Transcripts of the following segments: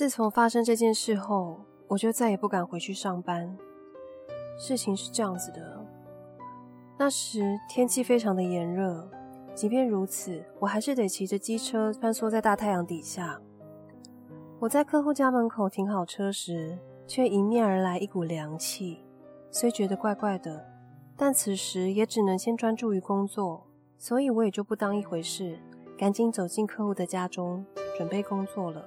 自從發生這件事後，我就再也不敢回去上班。事情是這樣子的：那時天氣非常的炎熱，即便如此，我還是得騎着機車穿梭在大太陽底下。我在客戶家門口停好車時，卻迎面而來一股涼氣，雖覺得怪怪的，但此時也只能先專注於工作，所以我也就不當一回事，趕緊走進客戶的家中，準備工作了。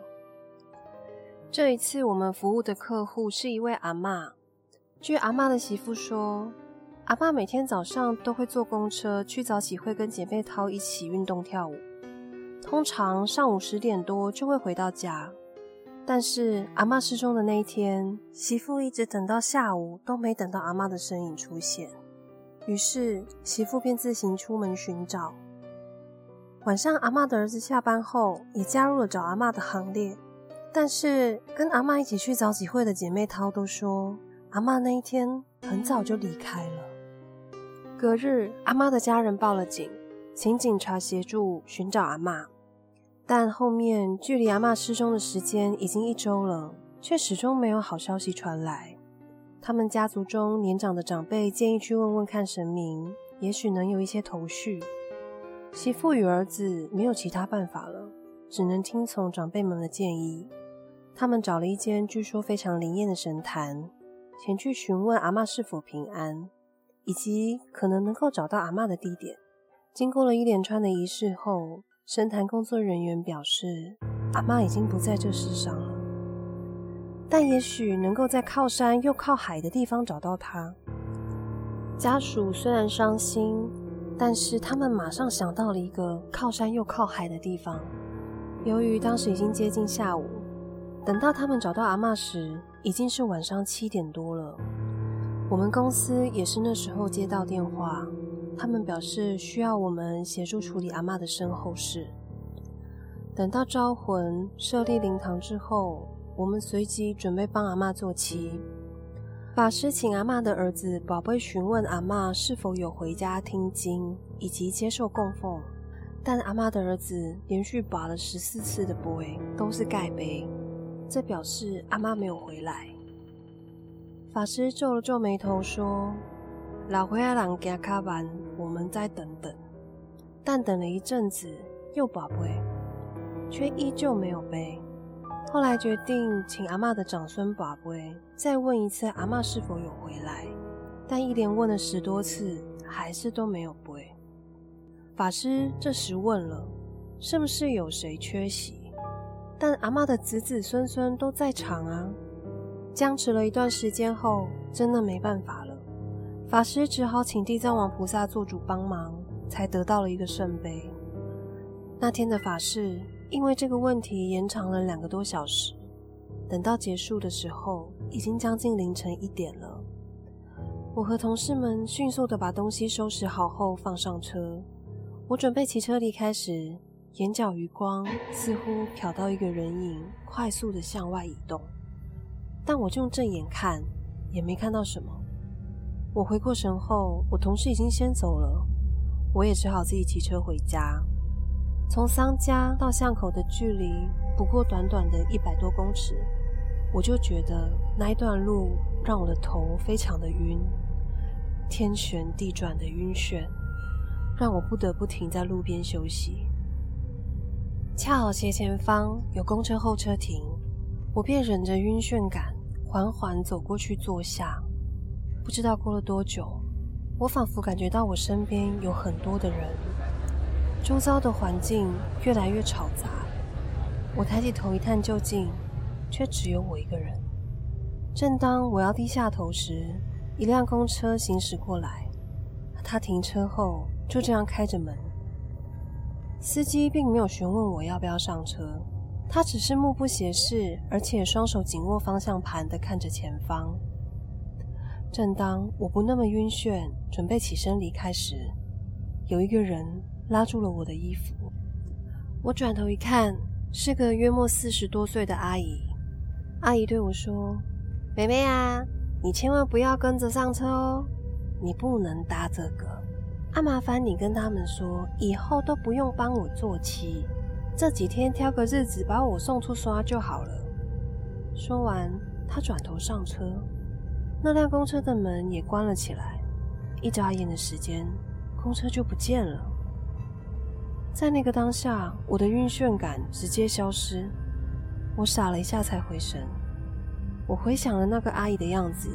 這一次，我們服務的客戶是一位阿嬤。據阿嬤的媳婦說，阿嬤每天早上都會坐公車去早起會跟姐妹淘一起運動跳舞，通常上午十點多就會回到家。但是阿嬤失蹤的那一天，媳婦一直等到下午都沒等到阿嬤的身影出現，於是媳婦便自行出門尋找。晚上，阿嬤的兒子下班後也加入了找阿嬤的行列。但是，跟阿媽一起去早起會的姐妹淘都說，阿媽那一天很早就離開了。隔日，阿媽的家人報了警，請警察協助尋找阿媽。但後面距離阿媽失蹤的時間已經一週了，卻始終沒有好消息傳來。他們家族中年長的長輩建議去問問看神明，也許能有一些頭緒。媳婦與兒子沒有其他辦法了，只能聽從長輩們的建議。他們找了一間據說非常靈驗的神壇，前去詢問阿嬤是否平安，以及可能能夠找到阿嬤的地點。經過了一連串的儀式後，神壇工作人員表示，阿嬤已經不在這世上了，但也許能夠在靠山又靠海的地方找到她。家屬雖然傷心，但是他們馬上想到了一個靠山又靠海的地方。由於當時已經接近下午，等到他們找到阿嬤時，已經是晚上七點多了。我們公司也是那時候接到電話，他們表示需要我們協助處理阿嬤的身後事。等到招魂設立靈堂之後，我們隨即準備幫阿嬤做七。法師請阿嬤的兒子寶貝詢問阿嬤是否有回家聽經以及接受供奉，但阿嬤的兒子連續拔了十四次的杯，都是蓋杯。這表示阿媽沒有回來。法師皺了皺眉頭，說：“ 老灰阿郎家卡完，我們再等等。”但等了一陣子，又把杯，卻依舊沒有背。後來決定請阿媽的長孫把杯，再問一次阿媽是否有回來。但一連問了十多次，還是都沒有背。法師這時問了：“是不是有誰缺席？”但阿媽的子子孫孫都在場啊。僵持了一段時間後，真的沒辦法了，法師只好請地藏王菩薩做主幫忙，才得到了一個聖杯。那天的法事因為這個問題延長了兩個多小時。等到結束的時候，已經將近凌晨一點了。我和同事們迅速的把東西收拾好後放上車。我準備騎車離開時，眼角餘光似乎瞟到一個人影，快速地向外移動，但我就用正眼看，也沒看到什麼。我回過神後，我同事已經先走了，我也只好自己騎車回家。從桑家到巷口的距離不過短短的一百多公尺，我就覺得那一段路讓我的頭非常的暈，天旋地轉的暈眩，讓我不得不停在路邊休息。恰好斜前方有公車候車亭，我便忍着暈眩感，緩緩走過去坐下。不知道過了多久，我仿佛感覺到我身邊有很多的人，周遭的環境越來越吵雜。我抬起頭一探究竟，卻只有我一個人。正當我要低下頭時，一輛公車行駛過來，他停車後就這樣開着門。司機並沒有詢問我要不要上車，他只是目不斜視，而且雙手緊握方向盤的看着前方。正當我不那麼暈眩，準備起身離開時，有一個人拉住了我的衣服。我轉頭一看，是個約莫四十多歲的阿姨。阿姨對我說：“妹妹啊，你千萬不要跟着上車哦，你不能搭這個。”阿，麻煩你跟他們說，以後都不用幫我做七，這幾天挑個日子把我送出刷就好了。說完，他轉頭上車，那輛公車的門也關了起來。一眨眼的時間，公車就不見了。在那個當下，我的暈眩感直接消失。我傻了一下才回神，我回想了那個阿姨的樣子，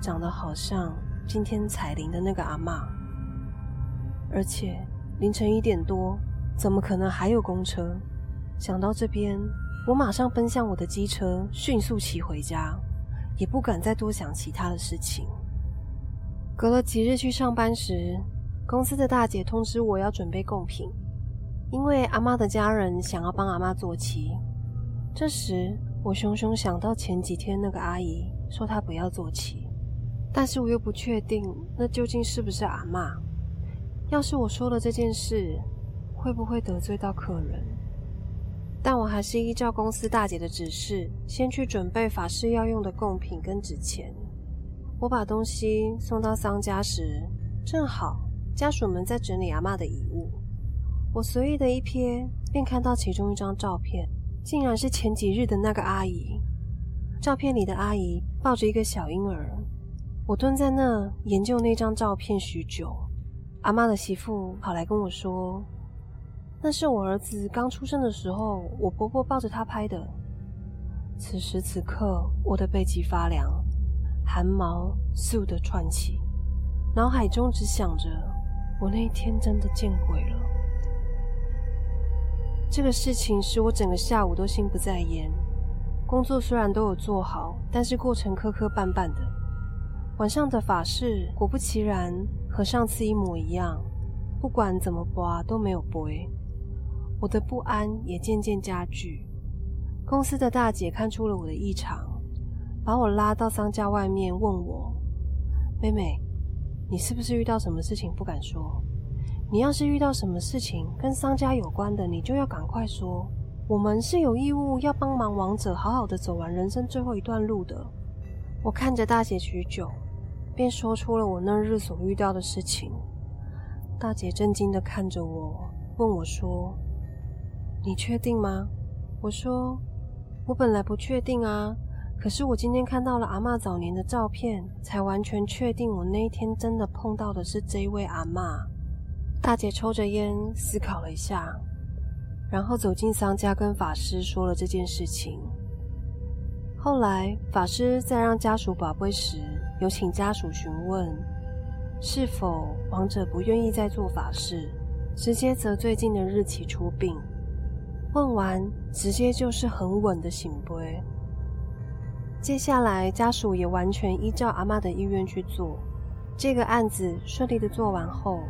長得好像今天彩鈴的那個阿嬤。而且凌晨一點多，怎麼可能還有公車？想到這邊，我馬上奔向我的機車，迅速騎回家，也不敢再多想其他的事情。隔了幾日去上班時，公司的大姐通知我要準備供品，因為阿嬤的家人想要幫阿嬤做七。這時，我熊熊想到前幾天那個阿姨說她不要做七，但是我又不確定那究竟是不是阿嬤。要是我說了這件事，會不會得罪到客人？但我還是依照公司大姐的指示，先去準備法事要用的貢品跟紙錢。我把東西送到喪家時，正好家屬們在整理阿嬤的遺物。我隨意的一瞥，便看到其中一張照片，竟然是前幾日的那個阿姨。照片裡的阿姨抱着一個小嬰兒。我蹲在那研究那張照片許久。阿媽的媳婦跑來跟我說：“那是我兒子剛出生的時候，我婆婆抱着他拍的。”此時此刻，我的背脊發涼，汗毛嗖的竄起，腦海中只想着：“我那一天真的見鬼了。”這個事情使我整個下午都心不在焉，工作雖然都有做好，但是過程磕磕絆絆的。晚上的法事果不其然和上次一模一樣，不管怎麼拔都沒有杯。我的不安也漸漸加劇。公司的大姐看出了我的異常，把我拉到喪家外面問我：“妹妹，你是不是遇到什麼事情不敢說？你要是遇到什麼事情跟喪家有關的，你就要趕快說。我們是有義務要幫忙亡者好好的走完人生最後一段路的。”我看着大姐許久。便說出了我那日所遇到的事情。大姐震驚的看着我，問我說：“你確定嗎？”我說：“我本來不確定啊，可是我今天看到了阿嬤早年的照片，才完全確定我那一天真的碰到的是這位阿嬤。”大姐抽着菸思考了一下，然後走進喪家跟法師說了這件事情。後來法師在讓家屬把杯時。有請家屬詢問是否亡者不願意再做法事，直接擇最近的日期出殯。問完，直接就是很穩的聖杯。接下來，家屬也完全依照阿媽的意願去做。這個案子順利的做完後，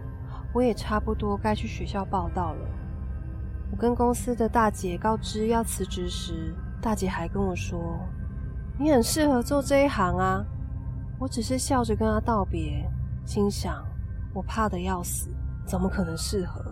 我也差不多該去學校報到了。我跟公司的大姐告知要辭職時，大姐還跟我說：“你很適合做這一行啊。”我只是笑着跟他道別，心想：我怕得要死，怎麼可能適合？